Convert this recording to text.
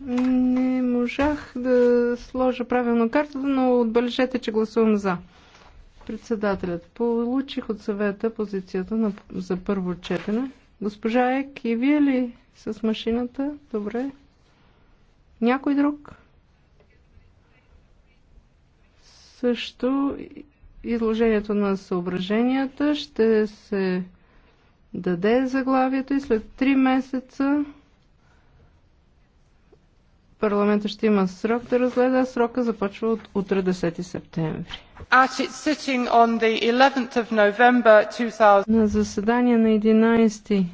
Не можах да сложа правилно картата, но отбележете, че гласувам за. Председателят, получих от съвета позицията на, за първо четене. Госпожа Ек, и вие ли с машината? Добре. Някой друг? Също изложението на съображенията ще се даде заглавието и след три месеца Парламента ще има срок да разгледа. Срока започва от утре 10 септември. На заседание на 11